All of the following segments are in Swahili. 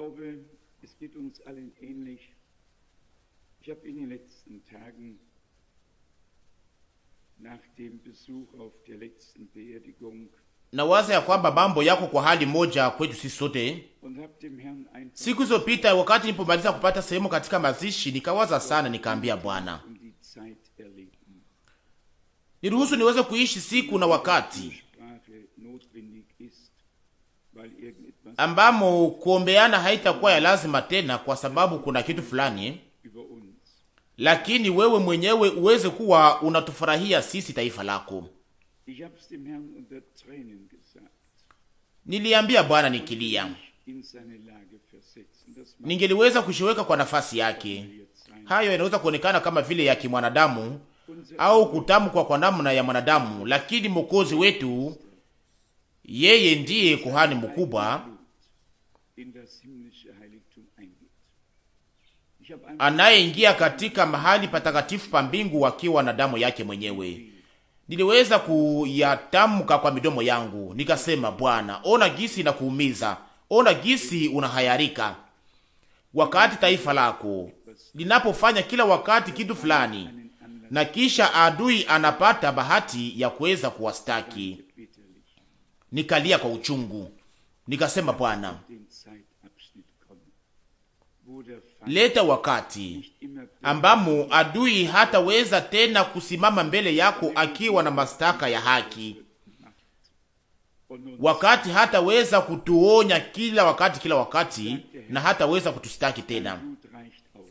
glaube, es geht uns allen ähnlich. Ich habe in den letzten Tagen nach dem Besuch auf der letzten Beerdigung nawaza ya kwamba mambo yako kwa hali moja kwetu sisi sote. Siku zilizopita wakati nilipomaliza kupata sehemu katika mazishi, nikawaza sana, nikaambia Bwana, um niruhusu niweze kuishi siku na wakati ambamo kuombeana haitakuwa ya lazima tena, kwa sababu kuna kitu fulani, lakini wewe mwenyewe uweze kuwa unatufurahia sisi, taifa lako. Niliambia Bwana nikilia, ningeliweza kushiweka kwa nafasi yake. Hayo yanaweza kuonekana kama vile ya kimwanadamu au kutamkwa kwa namna ya mwanadamu, lakini Mwokozi wetu yeye ndiye kuhani mkubwa anayeingia katika mahali patakatifu pa mbingu akiwa na damu yake mwenyewe. Niliweza kuyatamka kwa midomo yangu, nikasema, Bwana, ona gisi na kuumiza, ona gisi unahayarika wakati taifa lako linapofanya kila wakati kitu fulani, na kisha adui anapata bahati ya kuweza kuwastaki nikalia kwa uchungu, nikasema, Bwana, leta wakati ambamo adui hataweza tena kusimama mbele yako akiwa na mashtaka ya haki, wakati hataweza kutuonya kila wakati kila wakati, na hataweza kutustaki tena.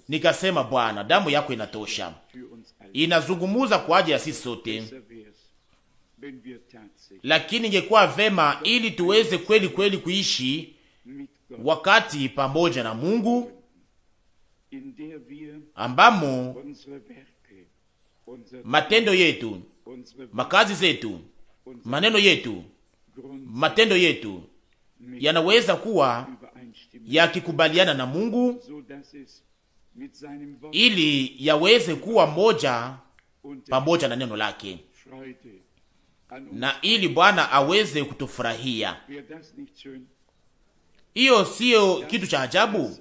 Nikasema, Bwana, damu yako inatosha, inazungumuza kwa ajili ya sisi sote lakini ingekuwa vema ili tuweze kweli kweli kuishi wakati pamoja na Mungu ambamo matendo yetu, makazi zetu, maneno yetu, matendo yetu yanaweza kuwa yakikubaliana na Mungu ili yaweze kuwa moja pamoja na neno lake na ili Bwana aweze kutufurahia. Hiyo siyo kitu cha ajabu,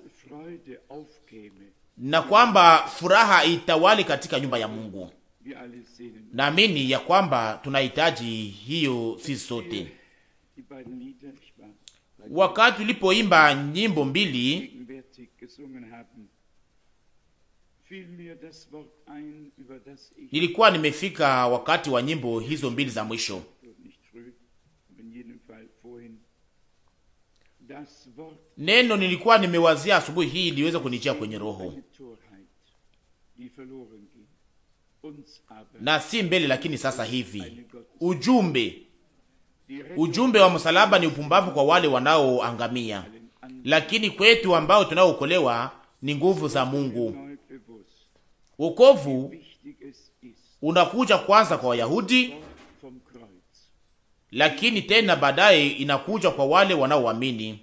na kwamba furaha itawali katika nyumba ya Mungu. Naamini ya kwamba tunahitaji hiyo sisi sote. Wakati ulipoimba nyimbo mbili Nilikuwa nimefika wakati wa nyimbo hizo mbili za mwisho. Neno nilikuwa nimewazia asubuhi hii iliweza kunijia kwenye roho na si mbele, lakini sasa hivi ujumbe ujumbe wa msalaba ni upumbavu kwa wale wanaoangamia, lakini kwetu ambao tunaookolewa ni nguvu za Mungu Wokovu unakuja kwanza kwa Wayahudi, lakini tena baadaye inakuja kwa wale wanaoamini.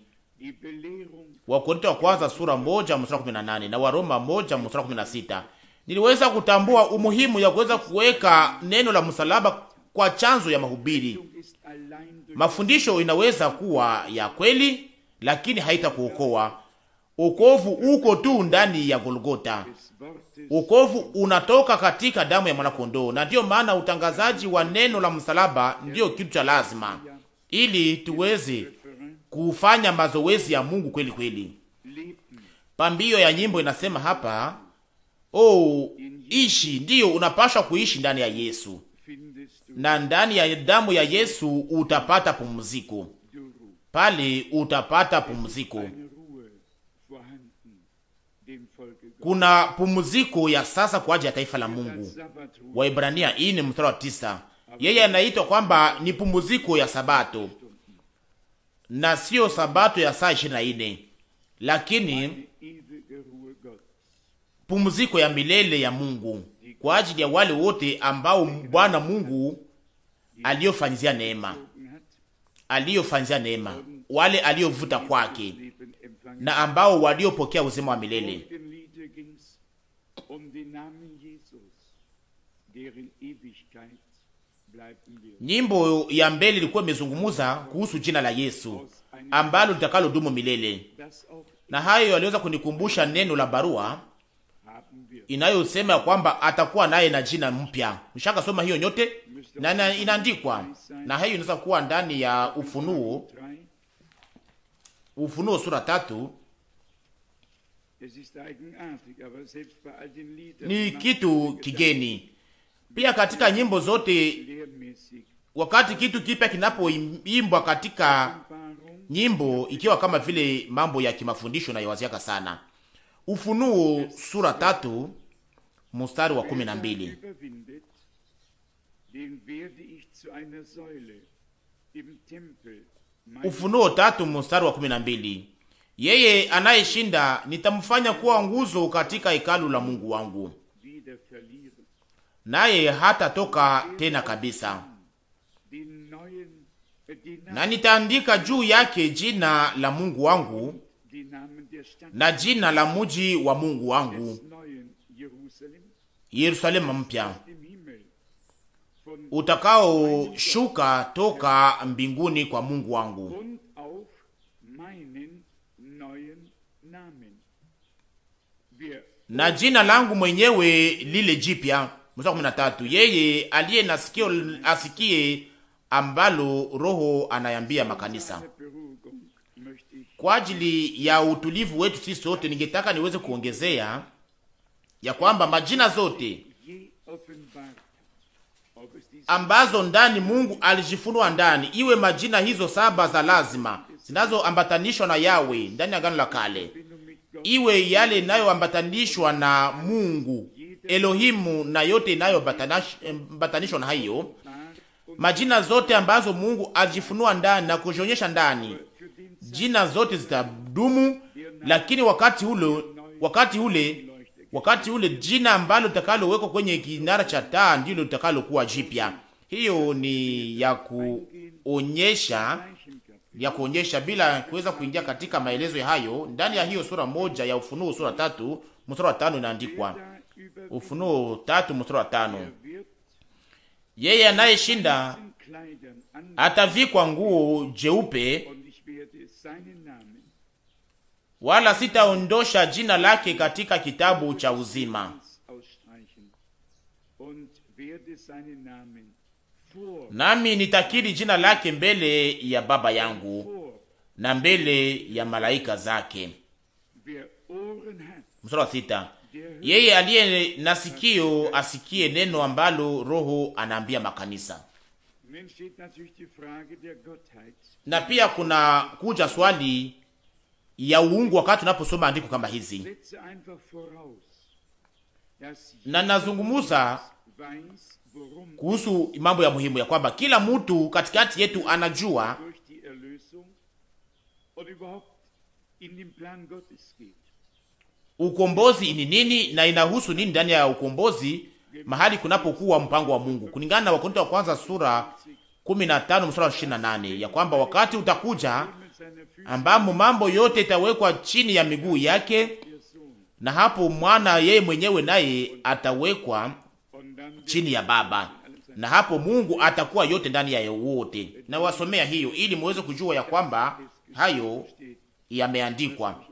Wakorintho wa kwanza sura moja mstari kumi na nane na Waroma moja mstari kumi na sita. Niliweza kutambua umuhimu ya kuweza kuweka neno la msalaba kwa chanzo ya mahubiri. Mafundisho inaweza kuwa ya kweli, lakini haitakuokoa. ukovu uko tu ndani ya Golgota. Ukovu unatoka katika damu ya mwanakondoo, na ndiyo maana utangazaji wa neno la msalaba ndiyo kitu cha lazima, ili tuweze kufanya mazoezi ya Mungu kweli kweli. Pambio ya nyimbo inasema hapa, oh, ishi ndiyo unapaswa kuishi ndani ya Yesu, na ndani ya damu ya Yesu utapata pumziko, pale utapata pumziko. kuna pumziko ya sasa kwa ajili ya taifa la Mungu. Waibrania hii ni mstari wa tisa. Yeye anaitwa kwamba ni pumziko ya sabato na sio sabato ya saa ishirini na lakini pumziko ya milele ya Mungu kwa ajili ya wale wote ambao Bwana Mungu aliyofanyizia neema, aliyofanyizia neema, wale aliyovuta kwake na ambao waliopokea uzima wa milele. Nyimbo ya mbele ilikuwa imezungumuza kuhusu jina la Yesu ambalo litakalo dumu milele, na hayo aliweza kunikumbusha neno la barua inayosema kwamba atakuwa naye na jina mpya. Mshaka soma hiyo nyote, na inaandikwa na hayo inaweza kuwa ndani ya Ufunuo, Ufunuo sura tatu ni kitu kigeni. Pia katika nyimbo zote, wakati kitu kipya kinapoimbwa katika nyimbo, ikiwa kama vile mambo ya kimafundisho na yawaziaka sana. Ufunuo sura tatu mstari wa kumi na mbili Ufunuo tatu mstari wa kumi na mbili yeye anayeshinda nitamfanya kuwa nguzo katika hekalu la Mungu wangu, naye hata toka tena kabisa, na nitaandika juu yake jina la Mungu wangu na jina la muji wa Mungu wangu Yerusalema mpya utakao shuka toka mbinguni kwa Mungu wangu. na jina langu mwenyewe lile jipya. Mstari tatu, yeye aliye na sikio asikie ambalo Roho anayambia makanisa. Kwa ajili ya utulivu wetu sisi sote, ningetaka niweze kuongezea ya kwamba majina zote ambazo ndani Mungu alijifunua ndani, iwe majina hizo saba za lazima zinazoambatanishwa na Yawe ndani ya Agano la Kale iwe yale inayoambatanishwa na Mungu Elohimu na yote inayoambatanishwa na hayo majina zote ambazo Mungu alijifunua ndani na kujionyesha ndani, jina zote zitadumu. Lakini wakati ule, wakati ule, wakati ule jina ambalo litakalowekwa kwenye kinara cha taa ndilo litakalokuwa jipya. Hiyo ni ya kuonyesha ya kuonyesha bila kuweza kuingia katika maelezo ya hayo. Ndani ya hiyo sura moja ya Ufunuo sura tatu mstari wa tano inaandikwa, Ufunuo tatu mstari wa tano yeye anayeshinda atavikwa nguo jeupe, wala sitaondosha jina lake katika kitabu cha uzima, nami nitakiri jina lake mbele ya Baba yangu na mbele ya malaika zake. Mstari wa sita. Yeye aliye na sikio asikie neno ambalo Roho anaambia makanisa. Na pia kuna kuja swali ya uungu wakati tunaposoma andiko kama hizi, na nazungumuza kuhusu mambo ya muhimu ya kwamba kila mtu katikati yetu anajua ukombozi ni nini na inahusu nini ndani ya ukombozi mahali kunapokuwa mpango wa Mungu kulingana na Wakorintho wa kwanza sura 15 mstari wa 28, ya kwamba wakati utakuja ambamo mambo yote itawekwa chini ya miguu yake, na hapo mwana yeye mwenyewe naye atawekwa chini ya Baba, na hapo Mungu atakuwa yote ndani ya wote. Na wasomea hiyo ili muweze kujua ya kwamba hayo yameandikwa.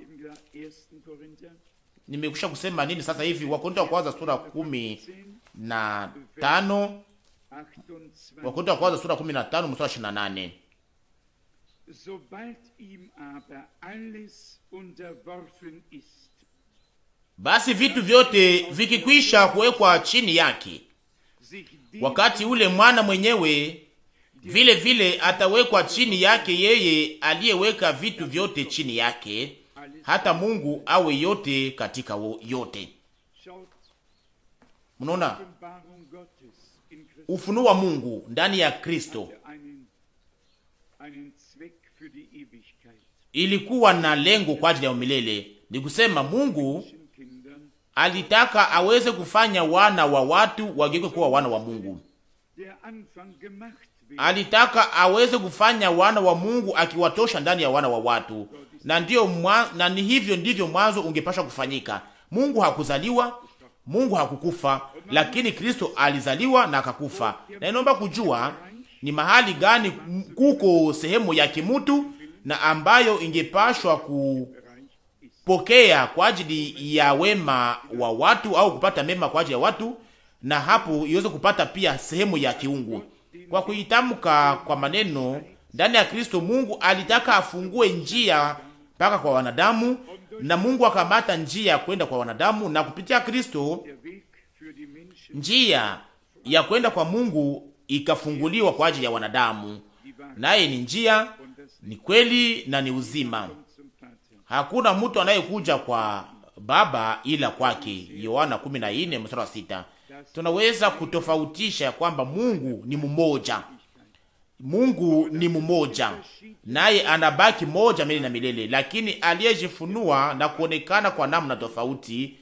Nimekwisha kusema nini sasa hivi? Wakorintho wa kwanza sura kumi na tano Wakorintho wa kwanza sura kumi na tano mstari ishirini na nane Sobald ihm aber alles unterworfen ist basi vitu vyote vikikwisha kuwekwa chini yake, wakati ule mwana mwenyewe vile vile atawekwa chini yake, yeye aliyeweka vitu vyote chini yake, hata Mungu awe yote katika wo, yote. Mnaona ufunuo wa Mungu ndani ya Kristo ilikuwa na lengo kwa ajili ya umilele, ni kusema Mungu alitaka aweze kufanya wana wa watu wageuke kuwa wana wa Mungu. Alitaka aweze kufanya wana wa Mungu akiwatosha ndani ya wana wa watu, na ndio mwa, na ni hivyo ndivyo mwanzo ungepasha kufanyika. Mungu hakuzaliwa, Mungu hakukufa, lakini Kristo alizaliwa na akakufa. Na inaomba kujua ni mahali gani kuko sehemu ya kimutu na ambayo ingepashwa ku kupokea kwa ajili ya wema wa watu au kupata mema kwa ajili ya watu, na hapo iweze kupata pia sehemu ya kiungu kwa kuitamka kwa maneno ndani ya Kristo. Mungu alitaka afungue njia mpaka kwa wanadamu, na Mungu akamata njia kwenda kwa wanadamu, na kupitia Kristo njia ya kwenda kwa Mungu ikafunguliwa kwa ajili ya wanadamu, naye ni njia, ni kweli na ni uzima hakuna mtu anayekuja kwa Baba ila kwake, Yohana 14 mstari wa sita. Tunaweza kutofautisha kwamba Mungu ni mmoja, Mungu ni mmoja, naye anabaki moja milele na milele, lakini aliyejifunua na kuonekana kwa namna tofauti,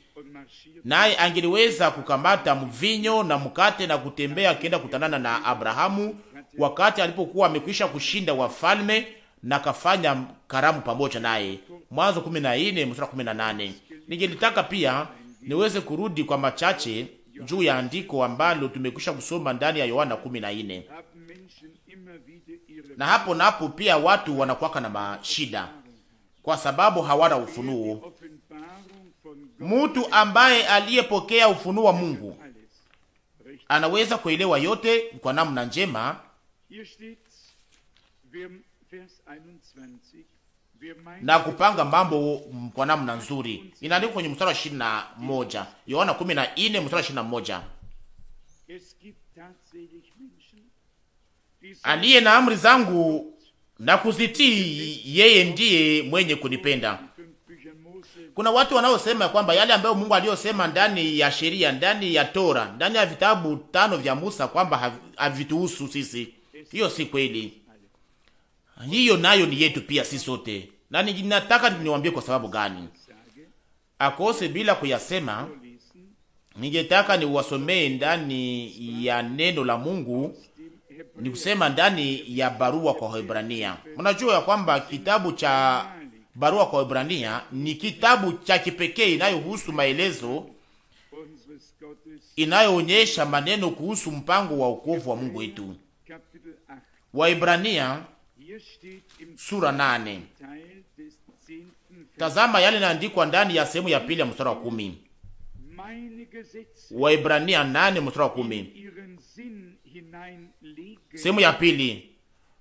naye angeliweza kukamata mvinyo na mkate na kutembea akienda kutanana na Abrahamu wakati alipokuwa amekwisha kushinda wafalme na kafanya karamu pamoja naye. Mwanzo 14 mstari 18. Ningelitaka pia niweze kurudi kwa machache juu ya andiko ambalo tumekwisha kusoma ndani ya Yohana 14. Na hapo napo pia watu wanakuwaka na mashida kwa sababu hawana ufunuo. Mtu ambaye aliyepokea ufunuo wa Mungu anaweza kuelewa yote kwa namna njema na kupanga mambo kwa namna nzuri. Inaandikwa kwenye mstari wa ishirini na moja Yohana kumi na nne mstari wa ishirini na moja aliye na amri zangu na kuzitii, yeye ndiye mwenye kunipenda. Kuna watu wanaosema kwamba yale ambayo Mungu aliyosema ndani ya sheria, ndani ya Tora, ndani ya vitabu tano vya Musa kwamba havituhusu sisi. Hiyo si kweli hiyo nayo ni yetu pia, si sote. Na ninataka niwaambie kwa sababu gani akose bila kuyasema. Ningetaka niwasomee ndani ya neno la Mungu, ni kusema ndani ya barua kwa Hebrania. Mnajua ya kwamba kitabu cha barua kwa Hebrania ni kitabu cha kipekee inayohusu maelezo inayoonyesha maneno kuhusu mpango wa ukovu wa Mungu wetu. Waebrania sura nane. Tazama yale naandikwa ndani ya sehemu ya pili ya mstari wa kumi Waibrania nane mstari wa kumi sehemu ya pili,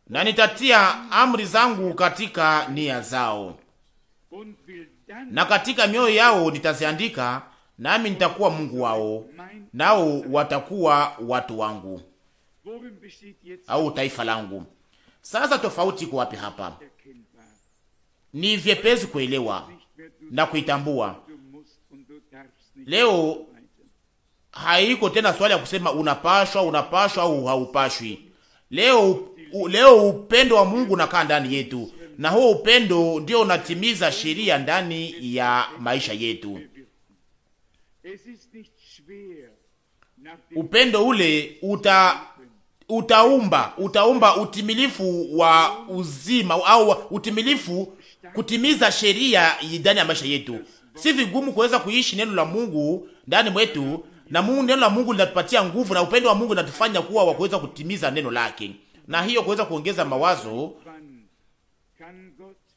na nitatia amri zangu katika nia zao na katika mioyo yao nitaziandika, nami nitakuwa Mungu wao, nao watakuwa watu wangu au taifa langu. Sasa tofauti iko wapi hapa? Ni vyepesi kuelewa na kuitambua. Leo haiko tena swali ya kusema unapashwa, unapashwa au haupashwi. Leo u, leo upendo wa Mungu unakaa ndani yetu, na huo upendo ndio unatimiza sheria ndani ya maisha yetu. Upendo ule uta utaumba utaumba utimilifu wa uzima au utimilifu kutimiza sheria ndani ya maisha yetu. Si vigumu kuweza kuishi neno la Mungu ndani mwetu, na Mungu, neno la Mungu linatupatia nguvu na upendo wa Mungu linatufanya kuwa wa kuweza kutimiza neno lake, na hiyo kuweza kuongeza mawazo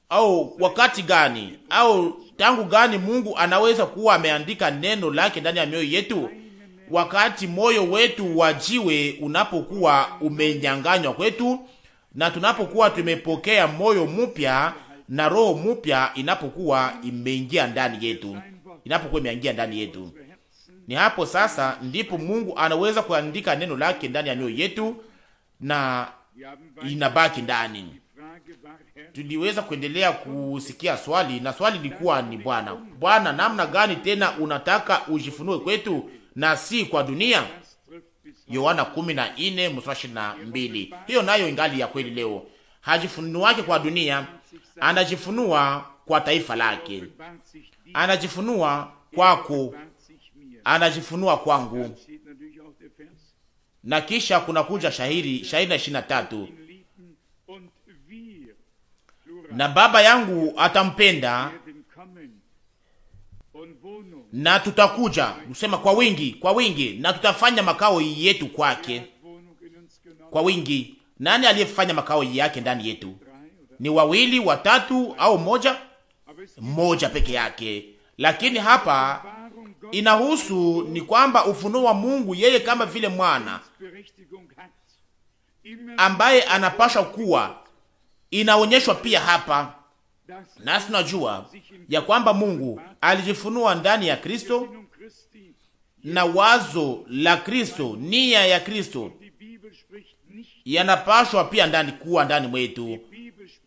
au wakati gani au tangu gani Mungu anaweza kuwa ameandika neno lake ndani ya mioyo yetu? wakati moyo wetu wa jiwe unapokuwa umenyanganywa kwetu na tunapokuwa tumepokea moyo mpya na roho mpya inapokuwa imeingia ndani yetu, inapokuwa imeingia ndani yetu, ni hapo sasa ndipo Mungu anaweza kuandika neno lake ndani ya mioyo yetu na inabaki ndani. Tuliweza kuendelea kusikia swali, na swali lilikuwa ni Bwana, Bwana, namna gani tena unataka ujifunue kwetu? na si kwa dunia. Yohana 14:22. Hiyo nayo ingali ya kweli leo. Hajifunuake kwa dunia, anajifunua kwa taifa lake, anajifunua kwako, anajifunua kwangu. Na kisha kuna shahiri shahiri na ishirini na tatu, na baba yangu atampenda na tutakuja kusema kwa wingi, kwa wingi, na tutafanya makao yetu kwake kwa wingi. Nani aliyefanya makao yake ndani yetu? Ni wawili watatu, au moja moja peke yake. Lakini hapa inahusu ni kwamba ufunuo wa Mungu, yeye kama vile mwana ambaye anapasha kuwa inaonyeshwa pia hapa nasi tunajua ya kwamba Mungu alijifunua ndani ya Kristo na wazo la Kristo, nia ya Kristo yanapashwa pia ndani kuwa ndani mwetu,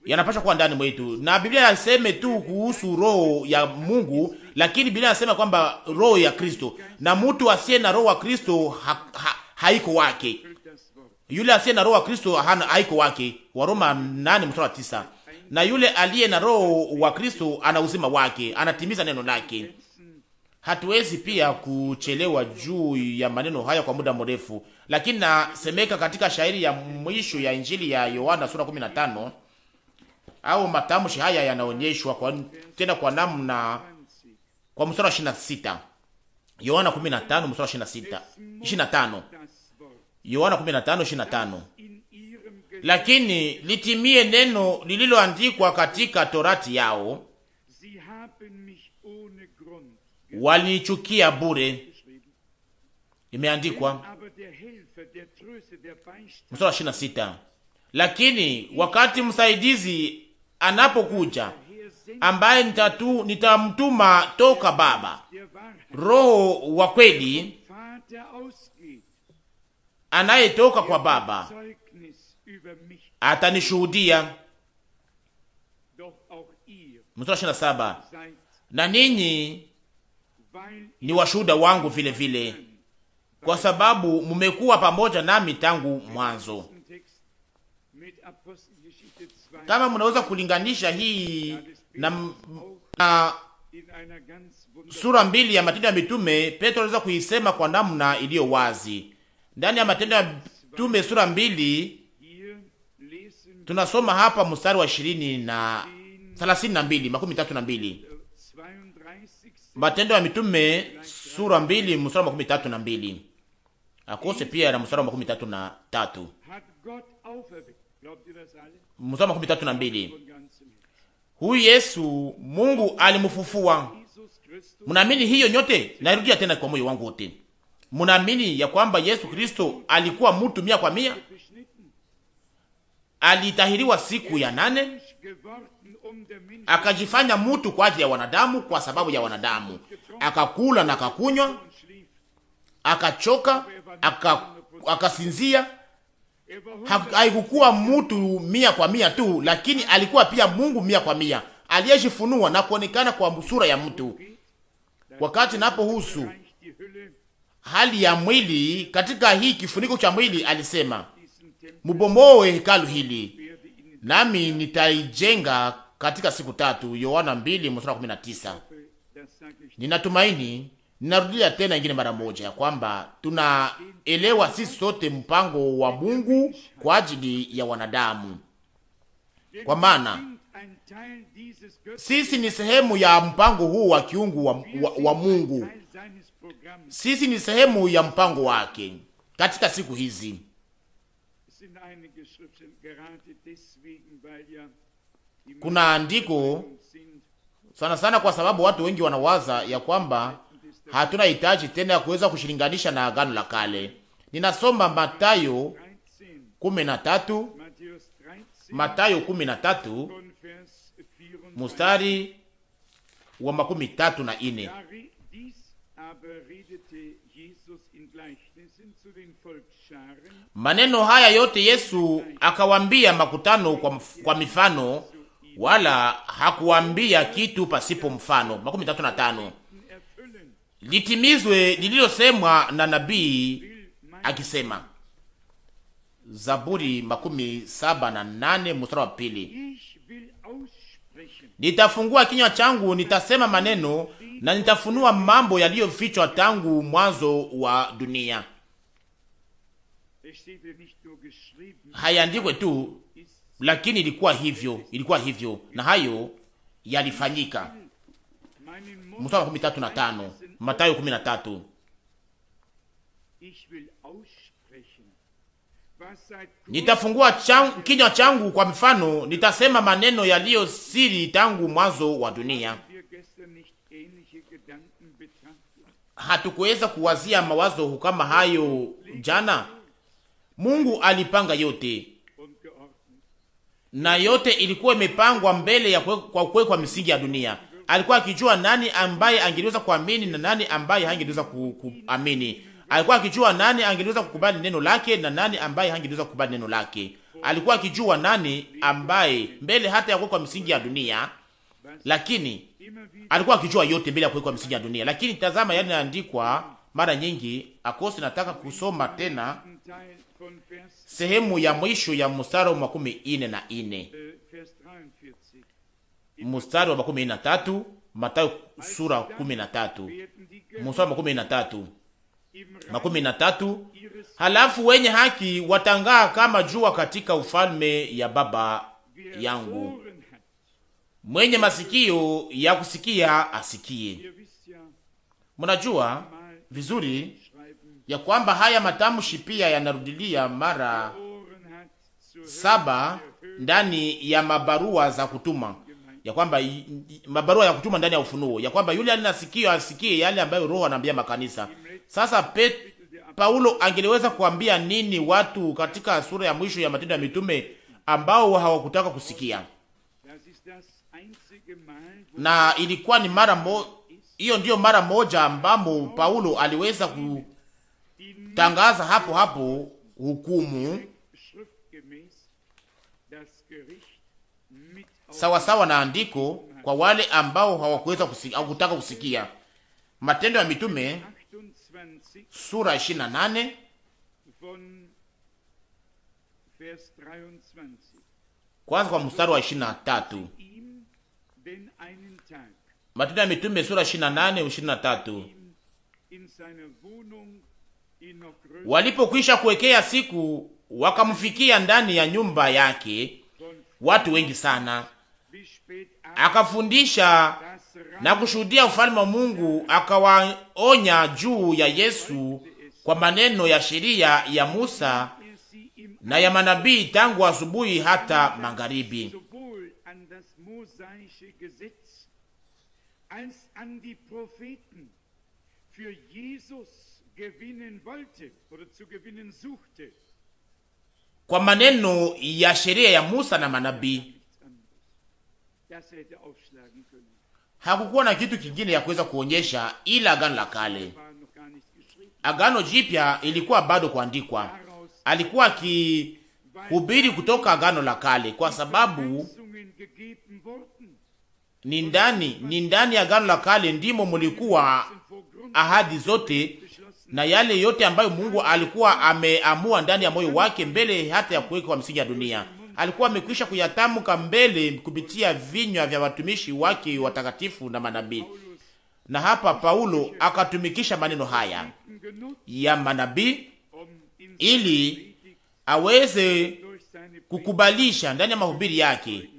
yanapashwa kuwa ndani mwetu. Na Biblia inasema tu kuhusu roho ya Mungu, lakini Biblia inasema kwamba roho ya Kristo, na mtu asiye na roho wa Kristo ha, ha, haiko wake. Yule asiye na roho wa Kristo haiko wake, Waroma 89 na yule aliye na roho wa Kristo ana uzima wake, anatimiza neno lake. Hatuwezi pia kuchelewa juu ya maneno haya kwa muda mrefu, lakini nasemeka katika shairi ya mwisho ya Injili ya Yohana sura 15 au matamshi haya yanaonyeshwa kwa, tena kwa namna kwa mstari wa 26 Yohana 15 mstari wa 26 25 Yohana 15 25 lakini litimie neno lililoandikwa katika torati yao, walinichukia bure. Imeandikwa mstari ishirini na sita lakini wakati msaidizi anapokuja ambaye nitatu nitamtuma toka Baba, Roho wa kweli anayetoka kwa Baba er atanishuhudia. Mstari ishirini na saba, na ninyi ni washuhuda wangu vile vile, kwa sababu mumekuwa pamoja nami tangu mwanzo. Kama mnaweza kulinganisha hii na, na sura mbili ya Matendo ya Mitume, Petro anaweza kuisema kwa namna iliyo wazi ndani ya Matendo ya Mitume sura mbili tunasoma hapa mstari wa ishirini na thelathini na mbili makumi tatu na mbili Matendo ya Mitume sura mbili mstari wa makumi tatu na mbili akose pia na mstari wa makumi tatu na tatu mstari wa makumi tatu na mbili Huyu Yesu Mungu alimfufua. Mnaamini hiyo nyote? Narudia tena kwa moyo wangu wote, mnaamini ya kwamba Yesu Kristo alikuwa mtu mia kwa mia alitahiriwa siku ya nane, akajifanya mutu kwa ajili ya wanadamu, kwa sababu ya wanadamu, akakula na akakunywa, akachoka, akasinzia. Haikukuwa mutu mia kwa mia tu, lakini alikuwa pia Mungu mia kwa mia aliyejifunua na kuonekana kwa sura ya mtu. Wakati napohusu hali ya mwili katika hii kifuniko cha mwili, alisema mubomoe hekalu hili, nami nitaijenga katika siku tatu. Yohana 2:19. Ninatumaini, ninarudia tena ingine mara moja ya kwamba tunaelewa sisi sote mpango wa Mungu kwa ajili ya wanadamu, kwa maana sisi ni sehemu ya mpango huu wa kiungu wa, wa, wa Mungu. Sisi ni sehemu ya mpango wake katika siku hizi. kuna andiko sana sana, kwa sababu watu wengi wanawaza ya kwamba hatuna hitaji tena ya kuweza kushilinganisha na agano la kale. Ninasoma Matayo tatu Matayo tatu mustari wa makumi tatu na ine. Maneno haya yote Yesu akawambia makutano kwa, kwa mifano wala hakuambia kitu pasipo mfano. makumi tatu na tano litimizwe lililosemwa na nabii akisema, Zaburi makumi saba na nane mstari wa pili nitafungua kinywa changu, nitasema maneno na nitafunua mambo yaliyofichwa tangu mwanzo wa dunia hayandikwe tu, lakini ilikuwa hivyo, ilikuwa hivyo, na hayo yalifanyika. Mstari wa tatu na kumi na tatu Nitafungua kinywa changu kwa mfano, nitasema maneno yaliyo siri tangu mwanzo wa dunia. Hatukuweza kuwazia mawazo kama hayo jana, Mungu alipanga yote na yote ilikuwa imepangwa mbele ya kwe, kwa kuwekwa misingi ya dunia. Alikuwa akijua nani ambaye angeliweza kuamini na nani ambaye hangeliweza kuamini. Alikuwa akijua nani angeliweza kukubali neno lake na nani ambaye hangeliweza kukubali neno lake. Alikuwa akijua nani ambaye mbele hata ya kuwekwa misingi ya dunia, lakini alikuwa akijua yote mbele ya kuwekwa misingi ya dunia. Lakini tazama, yale yanaandikwa mara nyingi, akosi nataka kusoma tena sehemu ya mwisho ya mstari wa makumi ine na ine mstari wa makumi ine na tatu Matayo sura kumi na tatu mstari wa makumi ine na tatu makumi na tatu halafu wenye haki watangaa kama jua katika ufalme ya baba yangu. Mwenye masikio ya kusikia asikie. Mnajua vizuri ya kwamba haya matamshi pia yanarudilia mara saba ndani ya mabarua za kutuma, ya kwamba mabarua ya kutuma ndani ya Ufunuo, ya kwamba yule alinasikia asikie yale ambayo Roho anaambia makanisa. Sasa Pet, Paulo angeliweza kuambia nini watu katika sura ya mwisho ya Matendo ya Mitume ambao hawakutaka kusikia? Na ilikuwa ni mara mo, hiyo ndiyo mara moja ambamo Paulo aliweza ku tangaza hapo hapo hukumu sawasawa sawa na andiko kwa wale ambao hawakuweza kutaka kusikia. Matendo ya Mitume sura 28 kwanza kwa mstari wa 23. Matendo ya Mitume sura 28 23 Walipokwisha kuwekea siku, wakamfikia ndani ya nyumba yake watu wengi sana, akafundisha na kushuhudia ufalme wa Mungu, akawaonya juu ya Yesu kwa maneno ya sheria ya Musa na ya manabii tangu asubuhi hata magharibi kwa maneno ya sheria ya Musa na manabii. Hakukuwa na kitu kingine ya kuweza kuonyesha ila agano la kale. Agano jipya ilikuwa bado kuandikwa. Alikuwa akihubiri kutoka agano la kale, kwa sababu ni ndani ni ndani ya agano la kale ndimo mulikuwa ahadi zote na yale yote ambayo Mungu alikuwa ameamua ndani ya moyo wake mbele hata ya kuwekwa msingi ya dunia. Alikuwa amekwisha kuyatamka mbele kupitia vinywa vya watumishi wake watakatifu na manabii. Na hapa Paulo akatumikisha maneno haya ya manabii ili aweze kukubalisha ndani ya mahubiri yake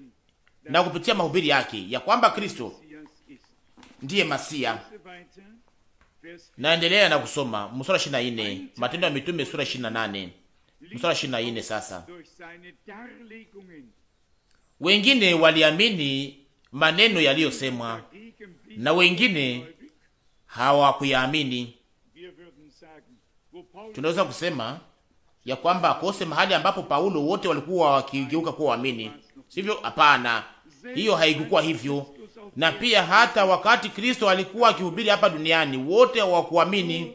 na kupitia mahubiri yake ya kwamba Kristo ndiye Masia Naendelea na kusoma mstari 24, Matendo ya Mitume sura 28 mstari 24. Sasa wengine waliamini maneno yaliyosemwa na wengine hawakuyaamini. Tunaweza kusema ya kwamba kose mahali ambapo Paulo wote walikuwa wakigeuka kuwa waamini, sivyo? Hapana, hiyo haikukuwa hivyo na pia hata wakati Kristo alikuwa akihubiri hapa duniani, wote hawakuamini,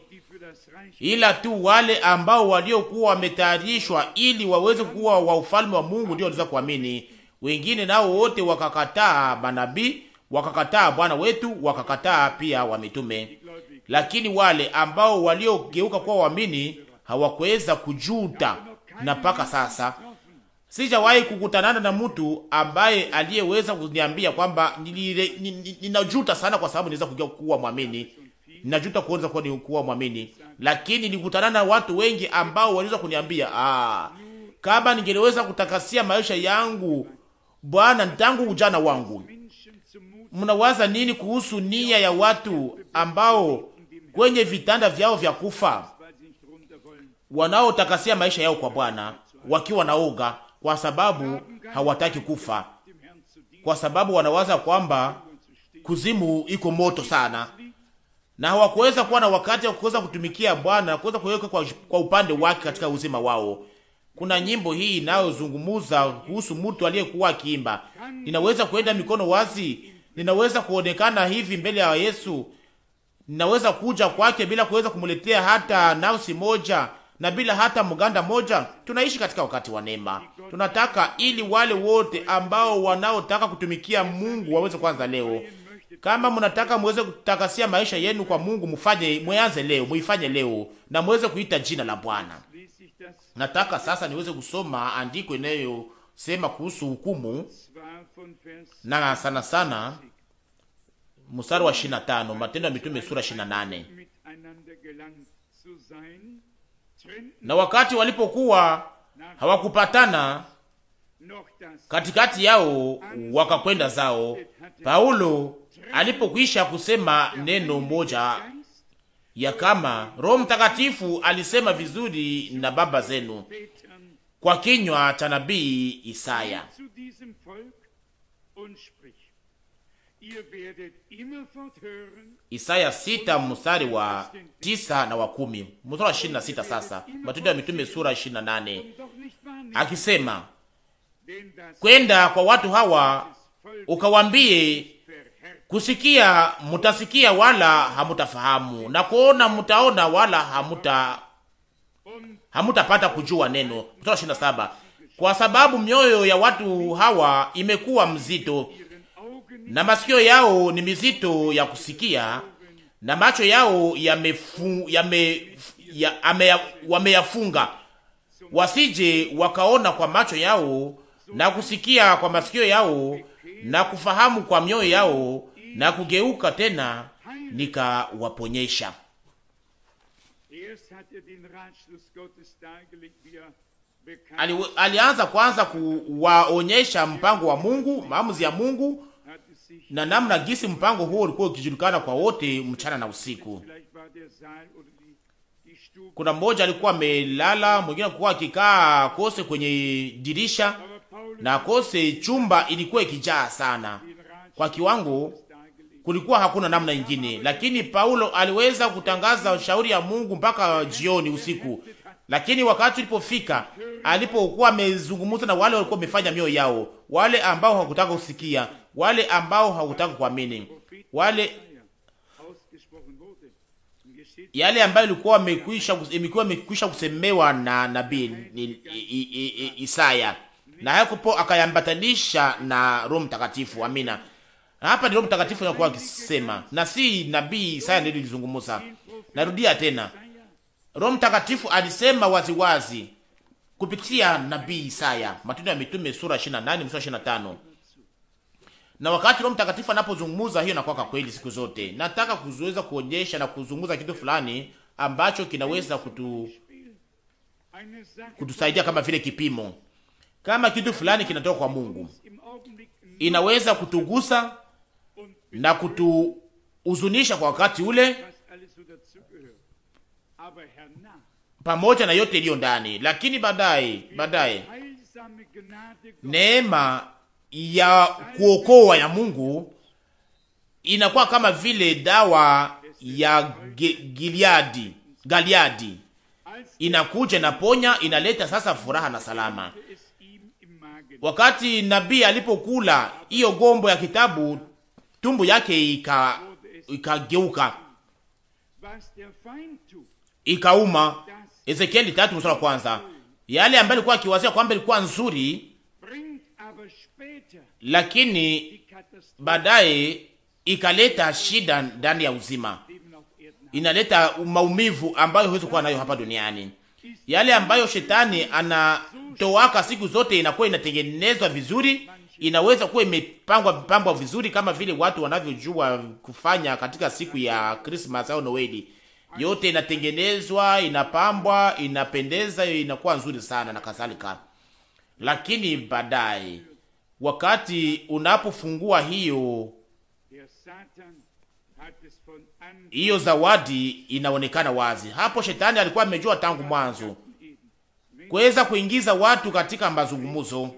ila tu wale ambao waliokuwa wametayarishwa ili waweze kuwa wa ufalme wa Mungu ndio waliweza kuamini. Wengine nao wote wakakataa manabii, wakakataa Bwana wetu, wakakataa pia wamitume. Lakini wale ambao waliogeuka kuwa waamini hawakuweza kujuta na mpaka sasa sijawahi kukutanana na mtu ambaye aliyeweza kuniambia kwamba ninajuta sana kwa sababu niweza kujua kuwa mwamini, ninajuta kuanza kuwa ni kuwa mwamini, lakini nilikutana na watu wengi ambao waliweza kuniambia ah, kama ningeweza kutakasia maisha yangu Bwana tangu ujana wangu. Mnawaza nini kuhusu nia ya watu ambao kwenye vitanda vyao vya kufa wanaotakasia maisha yao kwa Bwana wakiwa naoga kwa sababu hawataki kufa, kwa sababu wanawaza kwamba kuzimu iko moto sana, na hawakuweza kuwa na wakati wa kuweza kutumikia Bwana, kuweza kuweka kwa, kwa upande wake katika uzima wao. Kuna nyimbo hii inayozungumuza kuhusu mtu aliyekuwa akiimba, ninaweza kuenda mikono wazi, ninaweza kuonekana hivi mbele ya Yesu, ninaweza kuja kwake bila kuweza kumletea hata nafsi moja na bila hata mganda moja. Tunaishi katika wakati wa neema. Tunataka ili wale wote ambao wanaotaka kutumikia Mungu waweze kwanza leo. Kama mnataka muweze kutakasia maisha yenu kwa Mungu, mfanye mwanze leo, muifanye leo na muweze kuita jina la Bwana. Nataka sasa niweze kusoma andiko inayosema kuhusu hukumu na sana sana mstari wa 25 Matendo ya Mitume sura 28 na wakati walipokuwa hawakupatana katikati yao wakakwenda zao. Paulo alipokwisha kusema neno moja ya kama Roho Mtakatifu alisema vizuri na baba zenu kwa kinywa cha nabii Isaya Isaya sita mstari wa tisa na wa kumi mstari wa ishirini na sita Sasa Matendo ya Mitume sura ishirini na nane akisema kwenda kwa watu hawa ukawambie, kusikia mutasikia wala hamutafahamu, na kuona mutaona wala hamuta hamutapata kujua neno. Mstari wa ishirini na saba kwa sababu mioyo ya watu hawa imekuwa mzito na masikio yao ni mizito ya kusikia, na macho yao yamefu, yame, ya, ame, wameyafunga wasije wakaona kwa macho yao na kusikia kwa masikio yao na kufahamu kwa mioyo yao na kugeuka tena nikawaponyesha. alianza kwanza kuwaonyesha mpango wa Mungu, maamuzi ya Mungu na namna gisi mpango huo ulikuwa ukijulikana kwa wote mchana na usiku. Kuna mmoja alikuwa amelala, mwingine alikuwa akikaa kose kwenye dirisha na kose chumba ilikuwa ikijaa sana kwa kiwango, kulikuwa hakuna namna ingine. Lakini Paulo aliweza kutangaza shauri ya Mungu mpaka jioni, usiku. Lakini wakati ulipofika, alipokuwa amezungumza na wale walikuwa wamefanya mioyo yao, wale ambao hawakutaka kusikia wale ambao hawataka kuamini, wale yale ambayo ilikuwa imekwisha imekuwa imekwisha kusemewa na nabii Isaya na hapo akayambatanisha na Roho Mtakatifu. Amina. Na hapa ni Roho Mtakatifu anakuwa akisema na si nabii Isaya ndiye alizungumza. Narudia tena, Roho Mtakatifu alisema waziwazi kupitia nabii Isaya, Matendo ya Mitume sura 28 mstari 25 na wakati Roho Mtakatifu anapozungumza, hiyo inakuwa kwa kweli siku zote. Nataka kuweza kuonyesha na kuzungumza kitu fulani ambacho kinaweza kutu kutusaidia kama vile kipimo, kama kitu fulani kinatoka kwa Mungu, inaweza kutugusa na kutuhuzunisha kwa wakati ule, pamoja na yote iliyo ndani, lakini baadaye baadaye neema ya kuokoa ya Mungu inakuwa kama vile dawa ya Giliadi, Galiadi inakuja inaponya, inaleta sasa furaha na salama. Wakati nabii alipokula hiyo gombo ya kitabu, tumbu yake ika ikageuka ikauma. Ezekieli tatu mstari wa kwanza. Yale ambayo alikuwa akiwazia kwamba ilikuwa nzuri lakini baadaye ikaleta shida ndani ya uzima, inaleta maumivu ambayo huwezi kuwa nayo hapa duniani. Yale ambayo shetani anatowaka siku zote inakuwa inatengenezwa vizuri, inaweza kuwa imepangwa pambwa vizuri, kama vile watu wanavyojua kufanya katika siku ya krismas au Noeli. Yote inatengenezwa, inapambwa, inapendeza, inakuwa nzuri sana na kadhalika, lakini baadaye wakati unapofungua hiyo hiyo zawadi inaonekana wazi. Hapo shetani alikuwa amejua tangu mwanzo kuweza kuingiza watu katika mazungumzo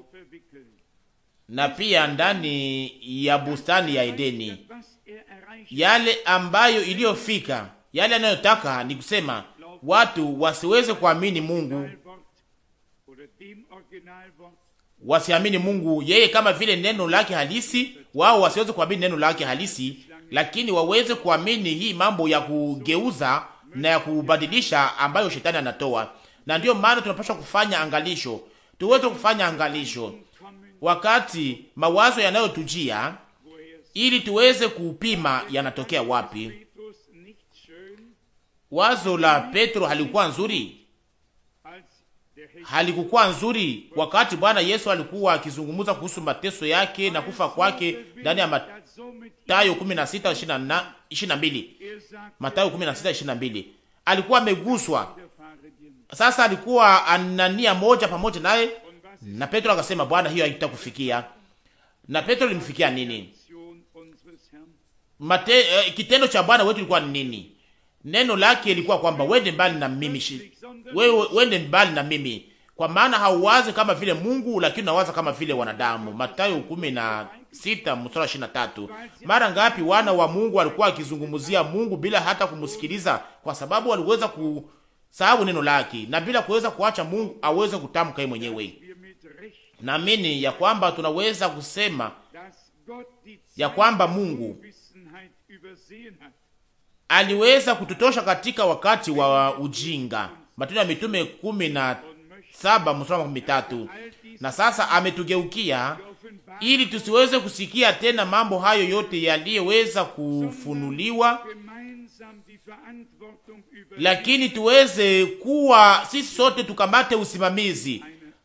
na pia ndani ya bustani ya Edeni, yale ambayo iliyofika, yale anayotaka ni kusema watu wasiweze kuamini Mungu wasiamini Mungu yeye kama vile neno lake halisi, wao wasiweze kuamini neno lake halisi, lakini waweze kuamini hii mambo ya kugeuza na ya kubadilisha ambayo shetani anatoa. Na ndiyo maana tunapaswa kufanya angalisho, tuweze kufanya angalisho wakati mawazo yanayotujia, ili tuweze kupima yanatokea wapi. Wazo la Petro halikuwa nzuri halikukuwa nzuri wakati Bwana Yesu alikuwa akizungumza kuhusu mateso yake na kufa kwake ndani ya Mathayo 16:22. Mathayo 16:22. Alikuwa ameguswa. Sasa alikuwa anania moja pamoja naye na Petro akasema, Bwana, hiyo haitakufikia. Na Petro limfikia nini? Mate, eh, kitendo cha Bwana wetu ilikuwa nini? Neno lake ilikuwa kwamba wende mbali na mimi wewe wende mbali na mimi, kwa maana hauwazi kama vile Mungu, lakini unawaza kama vile wanadamu. Mathayo kumi na sita mstari ishirini na tatu. Mara ngapi wana wa Mungu walikuwa akizungumzia Mungu bila hata kumsikiliza, kwa sababu waliweza kusahau neno lake na bila kuweza kuacha Mungu aweze kutamka yeye mwenyewe. Naamini ya kwamba tunaweza kusema ya kwamba Mungu aliweza kututosha katika wakati wa ujinga Matendo ya Mitume kumi na saba mstari wa mitatu. Na sasa ametugeukia ili tusiweze kusikia tena mambo hayo yote yaliyeweza kufunuliwa, lakini tuweze kuwa sisi sote tukamate usimamizi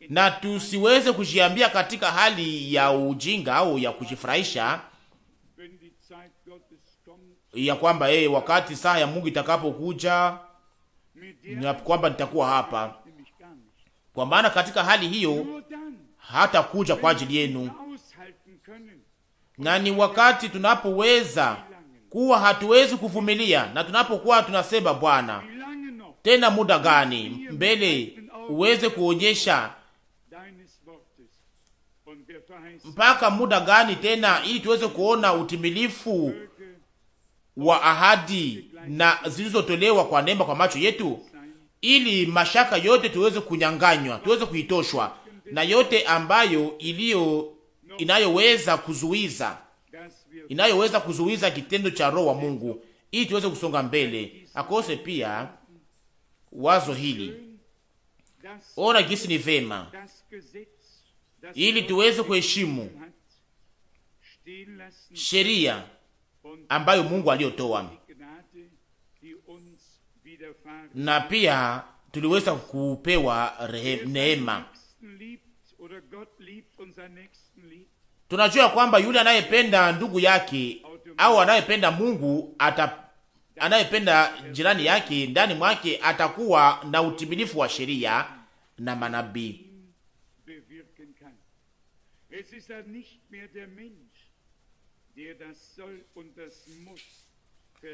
na tusiweze kujiambia katika hali ya ujinga au ya kujifurahisha ya kwamba yeye, eh, wakati saa ya Mungu itakapokuja na kwamba nitakuwa hapa, kwa maana katika hali hiyo hatakuja kwa ajili yenu. Na ni wakati tunapoweza kuwa hatuwezi kuvumilia, na tunapokuwa tunasema, Bwana, tena muda gani mbele uweze kuonyesha mpaka muda gani tena, ili tuweze kuona utimilifu wa ahadi na zilizotolewa kwa neema kwa macho yetu ili mashaka yote tuweze kunyanganywa, tuweze kuitoshwa na yote ambayo iliyo inayoweza kuzuiza inayoweza kuzuiza kitendo cha Roho wa Mungu ili tuweze kusonga mbele. Akose pia wazo hili, ona gisi ni vema ili tuweze kuheshimu sheria ambayo Mungu aliyotoa na pia tuliweza kupewa neema. Tunajua kwamba yule anayependa ndugu yake au anayependa Mungu ata, anayependa jirani yake ndani mwake atakuwa na utimilifu wa sheria na manabii.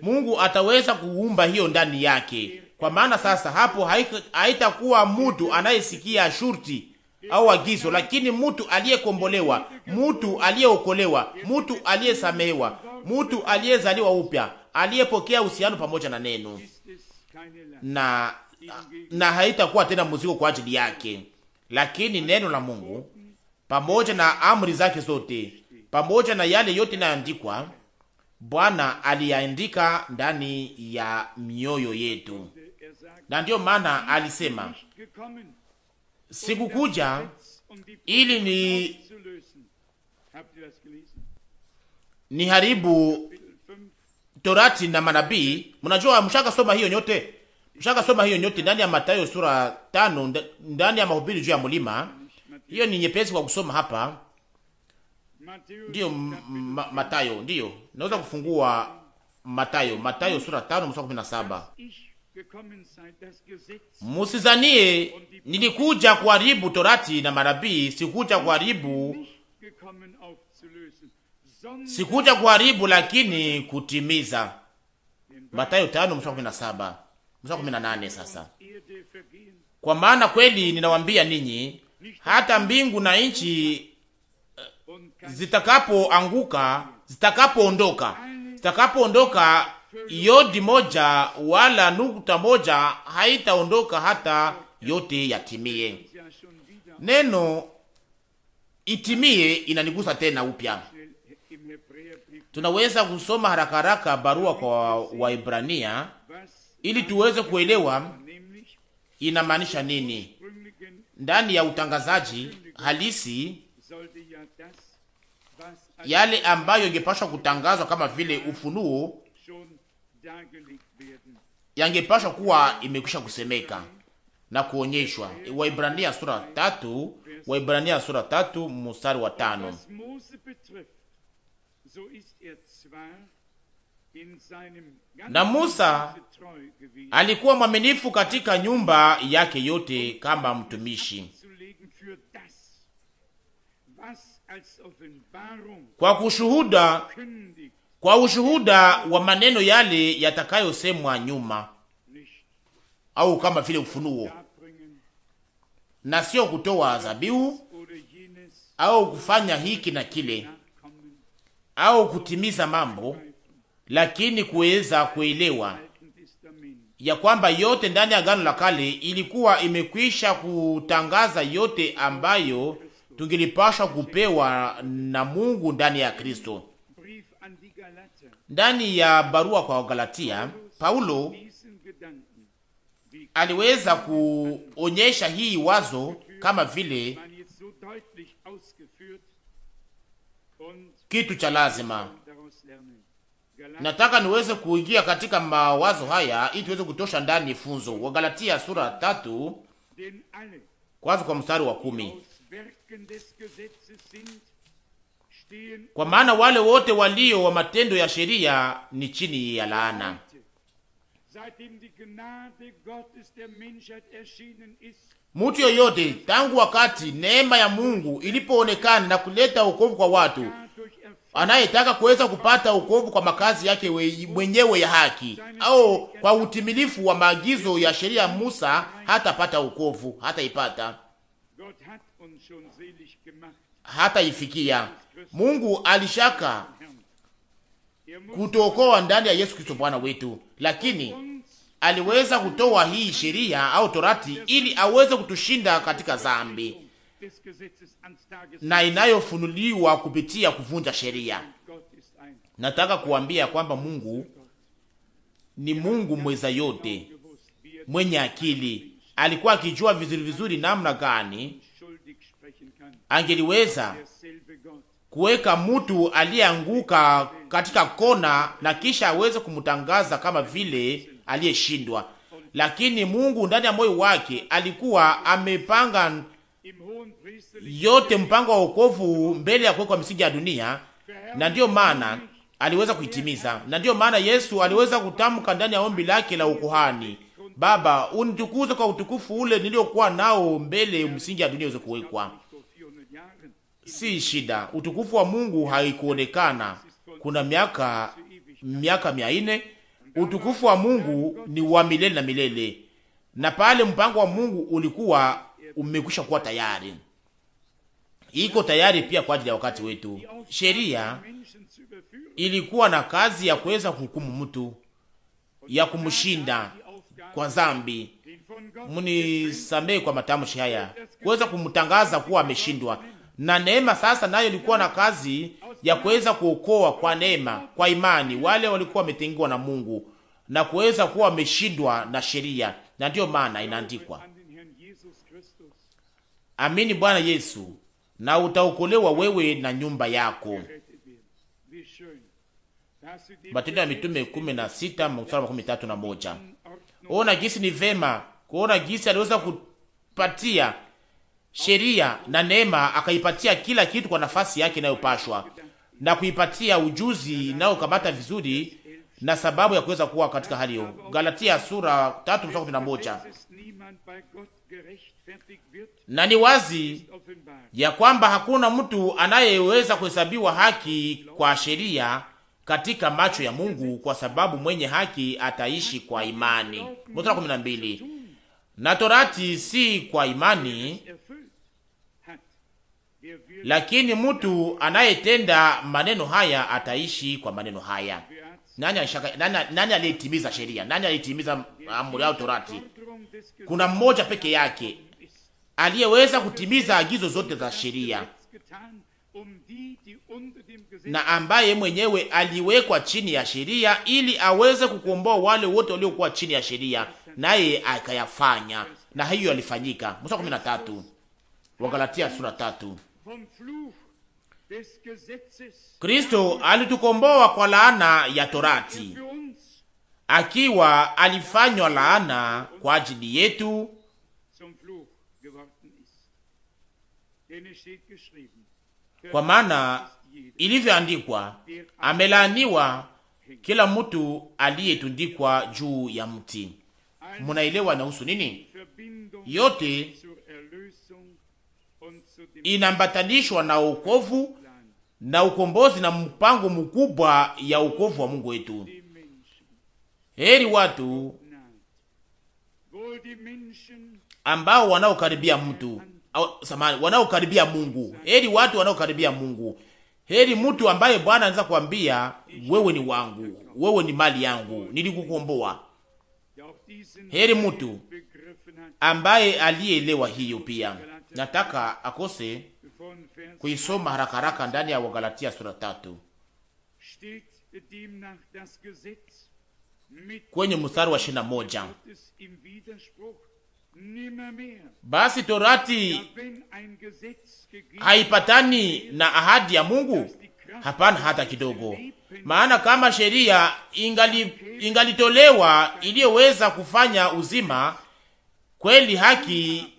Mungu ataweza kuumba hiyo ndani yake kwa maana sasa hapo haitakuwa mtu anayesikia shurti au agizo, lakini mtu aliyekombolewa, mtu aliyeokolewa, mtu aliyesamehewa, mtu aliyezaliwa upya, aliyepokea uhusiano pamoja na neno na na haitakuwa tena mzigo kwa ajili yake, lakini neno la Mungu pamoja na amri zake zote pamoja na yale yote inayoandikwa, Bwana aliyaandika ndani ya mioyo yetu na ndiyo maana alisema sikukuja ili ni ni haribu Torati na manabii. Mnajua, mshaka soma hiyo nyote, mshaka soma hiyo nyote ndani ya Mathayo sura tano, ndani ya mahubiri juu ya mlima. Hiyo ni nyepesi kwa kusoma hapa, ndiyo ma, Mathayo, ndiyo naweza kufungua Mathayo, Mathayo sura tano mstari kumi na saba. Musizanie nilikuja kuharibu torati na manabii, sikuja kuharibu, sikuja kuharibu, lakini kutimiza. Mathayo tano mstari Sasa kwa maana kweli ninawambia ninyi, hata mbingu na nchi zitakapoanguka, zitakapoondoka, zitakapoondoka yodi moja wala nukta moja haitaondoka hata yote yatimie. Neno itimie inanigusa tena upya. Tunaweza kusoma haraka haraka barua kwa Waibrania ili tuweze kuelewa inamaanisha nini ndani ya utangazaji halisi yale ambayo ingepashwa kutangazwa kama vile ufunuo yangepashwa kuwa imekwisha kusemeka na kuonyeshwa. Waibrania sura tatu, Waibrania sura tatu mstari wa tano. Na Musa alikuwa mwaminifu katika nyumba yake yote kama mtumishi, kwa kushuhuda kwa ushuhuda wa maneno yale yatakayosemwa nyuma, au kama vile ufunuo, na sio kutoa zabihu au kufanya hiki na kile au kutimiza mambo, lakini kuweza kuelewa ya kwamba yote ndani ya Agano la Kale ilikuwa imekwisha kutangaza yote ambayo tungilipashwa kupewa na Mungu ndani ya Kristo. Ndani ya barua kwa Wagalatia, Paulo aliweza kuonyesha hii wazo kama vile kitu cha lazima. Nataka niweze kuingia katika mawazo haya ili tuweze kutosha ndani funzo. Wagalatia sura tatu kwanza kwa mstari wa kumi kwa maana wale wote walio wa matendo ya sheria ni chini ya laana. Mtu yoyote tangu wakati neema ya Mungu ilipoonekana na kuleta wokovu kwa watu, anayetaka kuweza kupata wokovu kwa makazi yake we, mwenyewe ya haki au kwa utimilifu wa maagizo ya sheria ya Musa, hatapata wokovu, hataipata, hataifikia. Mungu alishaka kutuokoa ndani ya Yesu Kristo Bwana wetu, lakini aliweza kutoa hii sheria au torati ili aweze kutushinda katika zambi na inayofunuliwa kupitia kuvunja sheria. Nataka kuambia kwamba Mungu ni Mungu mweza yote, mwenye akili. Alikuwa akijua vizuri vizuri namna gani angeliweza kuweka mtu aliyeanguka katika kona na kisha aweze kumtangaza kama vile aliyeshindwa, lakini Mungu ndani ya moyo wake alikuwa amepanga yote, mpango wa wokovu mbele ya kuwekwa misingi ya dunia, na ndiyo maana aliweza kuitimiza, na ndiyo maana Yesu aliweza kutamka ndani ya ombi lake la ukuhani, Baba unitukuze kwa utukufu ule niliokuwa nao mbele msingi ya dunia uweze kuwekwa si shida. Utukufu wa Mungu haikuonekana. Kuna miaka miaka mia nne. Utukufu wa Mungu ni wa milele na milele, na pale mpango wa Mungu ulikuwa umekwisha kuwa tayari, iko tayari pia kwa ajili ya wakati wetu. Sheria ilikuwa na kazi ya kuweza kuhukumu mtu, ya kumshinda kwa muni Mnisamehe kwa matamshi haya, kuweza kumtangaza kuwa ameshindwa na neema sasa nayo ilikuwa na kazi ya kuweza kuokoa kwa neema, kwa imani wale walikuwa wametengiwa na Mungu na kuweza kuwa wameshindwa na sheria, na ndiyo maana inaandikwa, amini Bwana Yesu na utaokolewa wewe na nyumba yako. Matendo ya Mitume 16 na mstari wa 13 na moja. Ona gisi ni vema kuona gisi aliweza kupatia sheria na neema, akaipatia kila kitu kwa nafasi yake inayopashwa na kuipatia ujuzi inayokamata vizuri na sababu ya kuweza kuwa katika hali hiyo. Galatia sura 3:11. Na ni wazi ya kwamba hakuna mtu anayeweza kuhesabiwa haki kwa sheria katika macho ya Mungu, kwa sababu mwenye haki ataishi kwa imani. Mstari 12. Na torati si kwa imani lakini mtu anayetenda maneno haya ataishi kwa maneno haya. Nani alishaka, nani, nani aliyetimiza sheria? Nani aliyetimiza amri au torati? Kuna mmoja peke yake aliyeweza kutimiza agizo zote za sheria na ambaye mwenyewe aliwekwa chini ya sheria ili aweze kukomboa wale wote waliokuwa chini ya sheria, naye akayafanya, na hiyo alifanyika. Musa 13 Wagalatia sura tatu. Kristo alitukomboa kwa laana ya Torati, akiwa alifanywa laana kwa ajili yetu, kwa maana ilivyoandikwa, amelaaniwa kila mtu aliyetundikwa juu ya mti. Munaelewa nahusu nini? Yote inambatanishwa na ukovu na ukombozi na mpango mkubwa ya ukovu wa Mungu wetu. Heri watu ambao wanaokaribia mtu au samani, wanaokaribia Mungu. Heri watu wanaokaribia Mungu. Heri mtu ambaye Bwana anaweza kuambia wewe ni wangu, wewe ni mali yangu, nilikukomboa. Heri mtu ambaye aliyeelewa hiyo pia nataka akose kuisoma haraka haraka ndani ya Wagalatia sura tatu kwenye mstari wa ishirini na moja basi torati haipatani na ahadi ya Mungu? Hapana, hata kidogo. Maana kama sheria ingali ingalitolewa iliyoweza kufanya uzima, kweli haki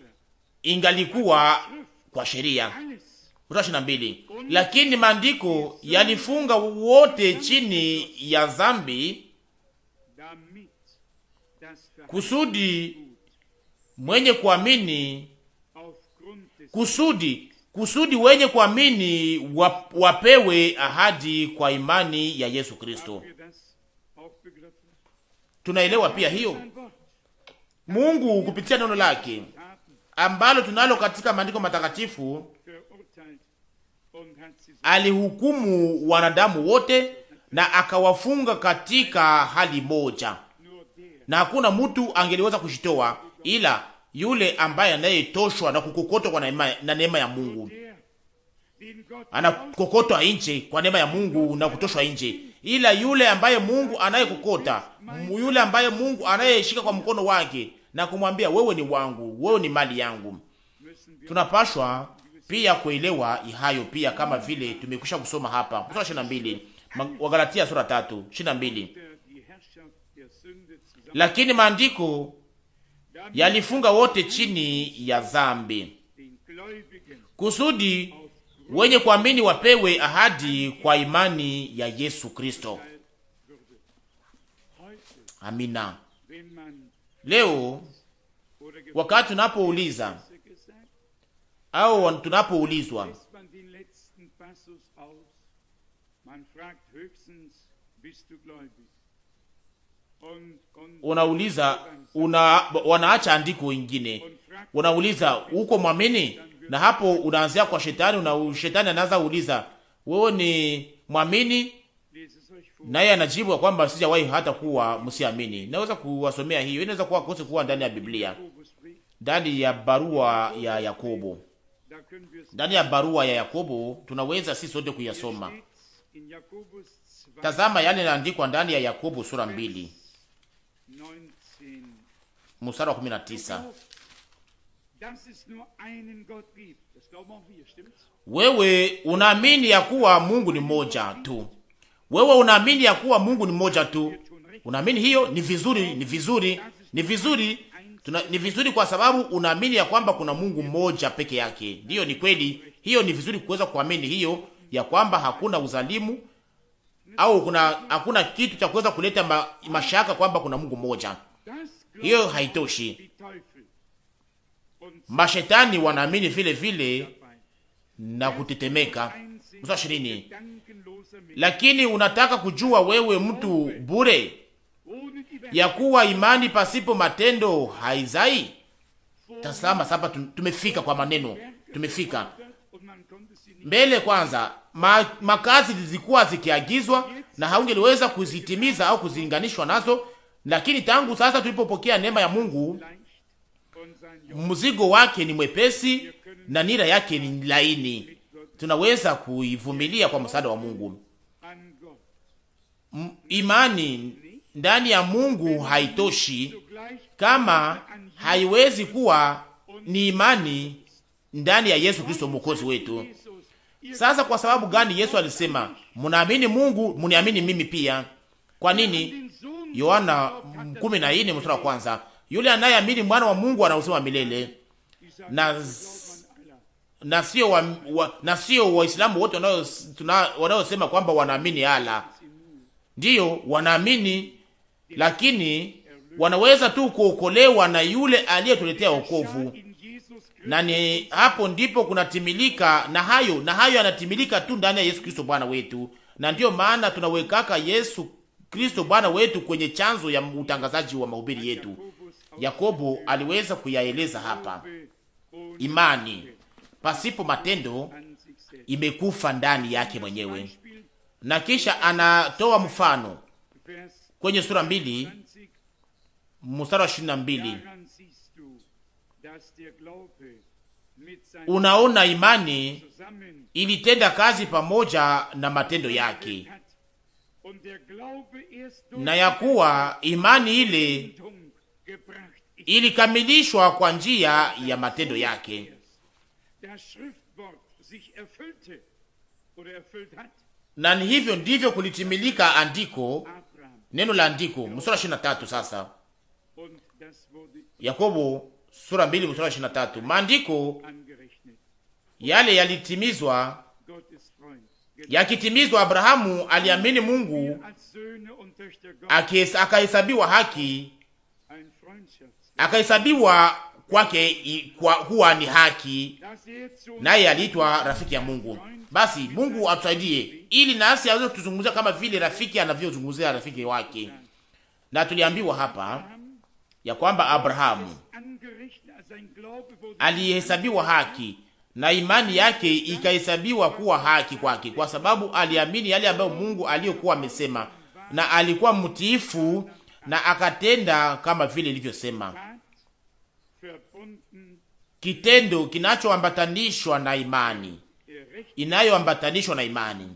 ingalikuwa kwa sheria. mbili. Lakini maandiko yalifunga wote chini ya dhambi kusudi mwenye kuamini kusudi kusudi wenye kuamini wapewe ahadi kwa imani ya Yesu Kristo. Tunaelewa pia hiyo Mungu kupitia neno lake ambalo tunalo katika maandiko matakatifu, alihukumu wanadamu wote na akawafunga katika hali moja, na hakuna mtu angeliweza kushitoa ila yule ambaye anayetoshwa na kukokotwa na neema ya Mungu, anakokotwa nje kwa neema ya Mungu na kutoshwa nje, ila yule ambaye Mungu anayekokota, yule ambaye Mungu anayeshika kwa mkono wake na kumwambia wewe ni wangu, wewe ni mali yangu. Tunapashwa pia kuelewa hayo pia, kama vile tumekwisha kusoma hapa sura 22 Wagalatia sura 3 mbili Lakini maandiko yalifunga wote chini ya dhambi, kusudi wenye kuamini wapewe ahadi kwa imani ya Yesu Kristo. Amina. Leo wakati tunapouliza au tunapoulizwa unauliza una, wanaacha andiko ingine, unauliza uko mwamini, na hapo unaanzia kwa shetani una, shetani anaanza uliza wewe ni mwamini naye anajibu kwamba sijawahi hata kuwa, msiamini. Naweza kuwasomea hiyo, inaweza kuwa kose kuwa ndani ya Biblia, ndani ya barua ya Yakobo, ndani ya barua ya Yakobo tunaweza sisi sote kuyasoma. Tazama, yani inaandikwa ndani ya Yakobo sura mbili mstari wa kumi na tisa wewe unaamini ya kuwa Mungu ni moja tu wewe unaamini ya kuwa Mungu ni mmoja tu, unaamini hiyo. Ni vizuri, ni vizuri, ni vizuri tuna, ni vizuri kwa sababu unaamini ya kwamba kuna Mungu mmoja peke yake. Ndiyo, ni kweli hiyo. Ni vizuri kuweza kuamini hiyo ya kwamba hakuna uzalimu au kuna hakuna kitu cha kuweza kuleta ma, mashaka kwamba kuna Mungu mmoja. Hiyo haitoshi. Mashetani wanaamini vile vile na kutetemeka. Mstari ishirini lakini unataka kujua wewe mtu bure ya kuwa imani pasipo matendo haizai. Tazama sasa, tumefika kwa maneno, tumefika mbele. Kwanza ma, makazi zilikuwa zikiagizwa na haungeliweza kuzitimiza au kuzilinganishwa nazo, lakini tangu sasa tulipopokea neema ya Mungu, mzigo wake ni mwepesi na nira yake ni laini tunaweza kuivumilia kwa msaada wa Mungu. Imani ndani ya Mungu haitoshi kama haiwezi kuwa ni imani ndani ya Yesu Kristo mwokozi wetu. Sasa kwa sababu gani Yesu alisema mnaamini Mungu, mniamini mimi pia? Kwa nini? Yohana 14 mstari wa kwanza, yule anayeamini mwana wa Mungu ana uzima milele na na sio wa, wa, na sio Waislamu wote wanaosema kwamba wanaamini ala. Ndiyo, wanaamini lakini wanaweza tu kuokolewa na yule aliyetuletea wokovu, na ni hapo ndipo kunatimilika na hayo na hayo yanatimilika tu ndani ya Yesu Kristo Bwana wetu, na ndiyo maana tunawekaka Yesu Kristo Bwana wetu kwenye chanzo ya utangazaji wa mahubiri yetu. Yakobo aliweza kuyaeleza hapa imani pasipo matendo imekufa ndani yake mwenyewe. Na kisha anatoa mfano kwenye sura mbili mstari wa ishirini na mbili unaona imani ilitenda kazi pamoja na matendo yake, na ya kuwa imani ile ilikamilishwa kwa njia ya matendo yake na ni hivyo ndivyo kulitimilika andiko, neno la andiko, msura 23 sasa Yakobo sura 2 msura 23. maandiko yale yalitimizwa, yakitimizwa, Abrahamu aliamini Mungu akahesabiwa haki, akahesabiwa kwake kwa huwa ni haki, naye aliitwa rafiki ya Mungu. Basi Mungu atusaidie ili nasi aweze kutuzungumzia kama vile rafiki anavyozungumzia rafiki wake. Na tuliambiwa hapa ya kwamba Abrahamu alihesabiwa haki na imani yake ikahesabiwa kuwa haki kwake, kwa sababu aliamini yale ambayo Mungu aliyokuwa amesema, na alikuwa mtiifu na akatenda kama vile ilivyosema kitendo kinachoambatanishwa na imani, inayoambatanishwa na imani.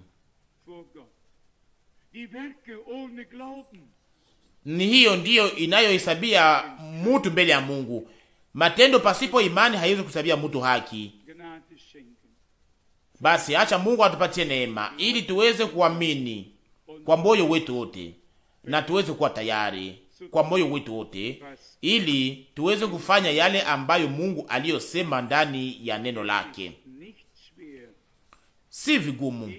Ni hiyo ndiyo inayohesabia mutu mbele ya Mungu. Matendo pasipo imani haiwezi kusabia mutu haki. Basi acha Mungu atupatie neema ili tuweze kuamini kwa moyo wetu wote na tuweze kuwa tayari kwa moyo wetu wote, ili tuweze kufanya yale ambayo Mungu aliyosema ndani ya neno lake. Si vigumu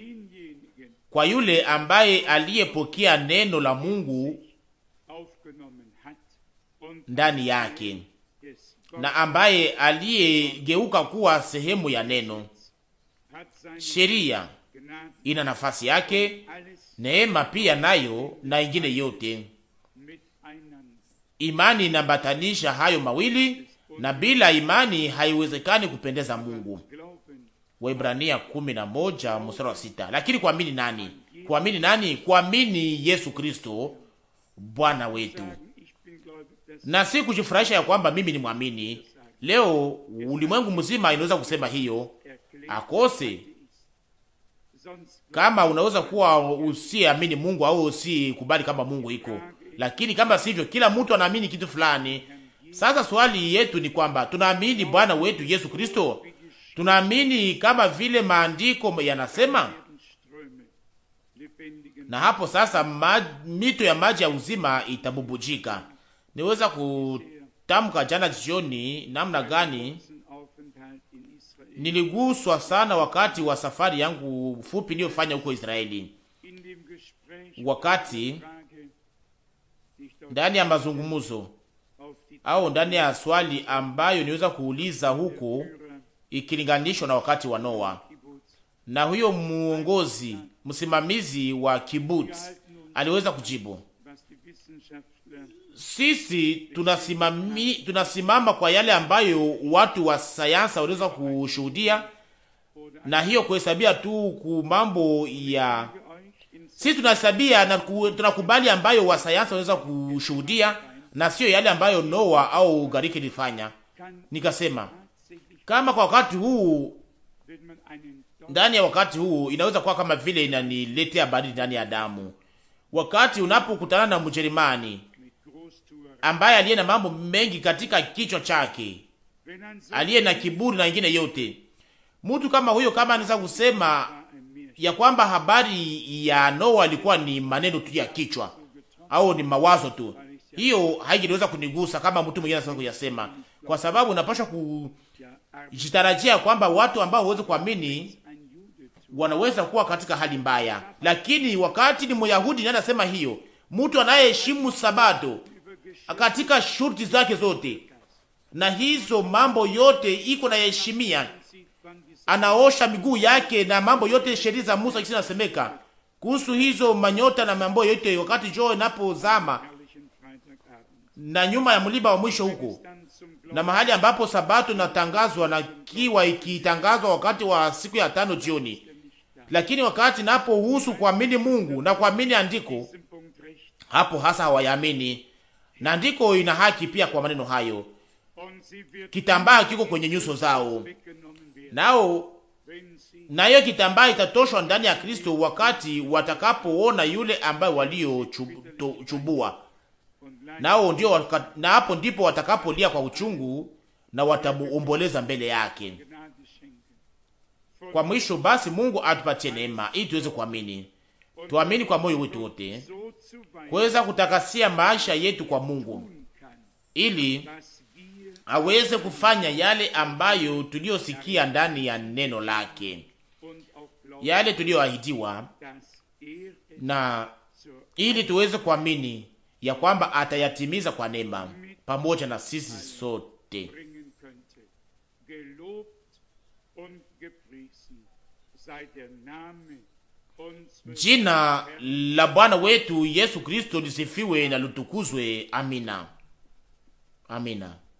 kwa yule ambaye aliyepokea neno la Mungu ndani yake na ambaye aliyegeuka kuwa sehemu ya neno. Sheria ina nafasi yake, neema pia nayo, na ingine yote Imani inambatanisha hayo mawili, na bila imani haiwezekani kupendeza Mungu. Waebrania 11 mstari wa sita. Lakini kuamini nani? Kuamini nani? Kuamini Yesu Kristo Bwana wetu, na si kujifurahisha ya kwamba mimi ni mwamini. Leo ulimwengu mzima inaweza kusema hiyo akose kama unaweza kuwa usiamini Mungu au usikubali kama Mungu iko lakini kama sivyo, kila mtu anaamini kitu fulani. Sasa swali yetu ni kwamba tunaamini Bwana wetu Yesu Kristo, tunaamini kama vile maandiko yanasema. Na hapo sasa ma, mito ya maji ya uzima itabubujika. Niweza kutamka jana jioni namna gani niliguswa sana wakati wa safari yangu fupi niliyofanya huko Israeli, wakati ndani ya mazungumzo au ndani ya swali ambayo niweza kuuliza huko ikilinganishwa na wakati wa Noa. Na huyo muongozi msimamizi wa kibbutz aliweza kujibu, sisi tunasimami, tunasimama kwa yale ambayo watu wa sayansa waliweza kushuhudia, na hiyo kuhesabia tu ku mambo ya sisi tunasabia na tunakubali ambayo wasayansi wanaweza kushuhudia na sio yale ambayo Noa au Gariki ilifanya. Nikasema kama kwa wakati huu, ndani ya wakati huu inaweza kuwa kama vile inaniletea baridi ndani ya damu, wakati unapokutana na Mjerumani ambaye aliye na mambo mengi katika kichwa chake, aliye na kiburi na ingine yote, mtu kama huyo, kama anaweza kusema ya kwamba habari ya Noa ilikuwa ni maneno tu ya kichwa au ni mawazo tu. Hiyo haijaweza kunigusa kama mtu mwingine anasema kuyasema, kwa sababu unapaswa kujitarajia kwamba watu ambao hawawezi kuamini wanaweza kuwa katika hali mbaya, lakini wakati ni Myahudi ndiye anasema hiyo, mtu anayeheshimu Sabato katika shurti zake zote na hizo mambo yote iko na heshimia anaosha miguu yake na mambo yote sheria za Musa kisi nasemeka kuhusu hizo manyota na mambo yote, wakati jua inapozama na nyuma ya mlima wa mwisho huko, na mahali ambapo sabato inatangazwa na kiwa ikitangazwa wakati wa siku ya tano jioni. Lakini wakati napohusu kuamini Mungu na kuamini andiko, hapo hasa hawayaamini, na andiko ina haki pia kwa maneno hayo. Kitambaa kiko kwenye nyuso zao nao na hiyo kitambaa itatoshwa ndani ya Kristo wakati watakapoona yule ambaye waliochubua nao ndio, na hapo ndipo watakapolia kwa uchungu na watamuomboleza mbele yake. Kwa mwisho basi, Mungu atupatie neema ili tuweze kuamini, tuamini kwa moyo wetu wote, kuweza kutakasia maisha yetu kwa Mungu ili aweze kufanya yale ambayo tuliyosikia ndani ya neno lake, yale tuliyoahidiwa, na ili tuweze kuamini ya kwamba atayatimiza kwa neema pamoja na sisi sote. Jina la Bwana wetu Yesu Kristo lisifiwe na lutukuzwe. Amina, amina.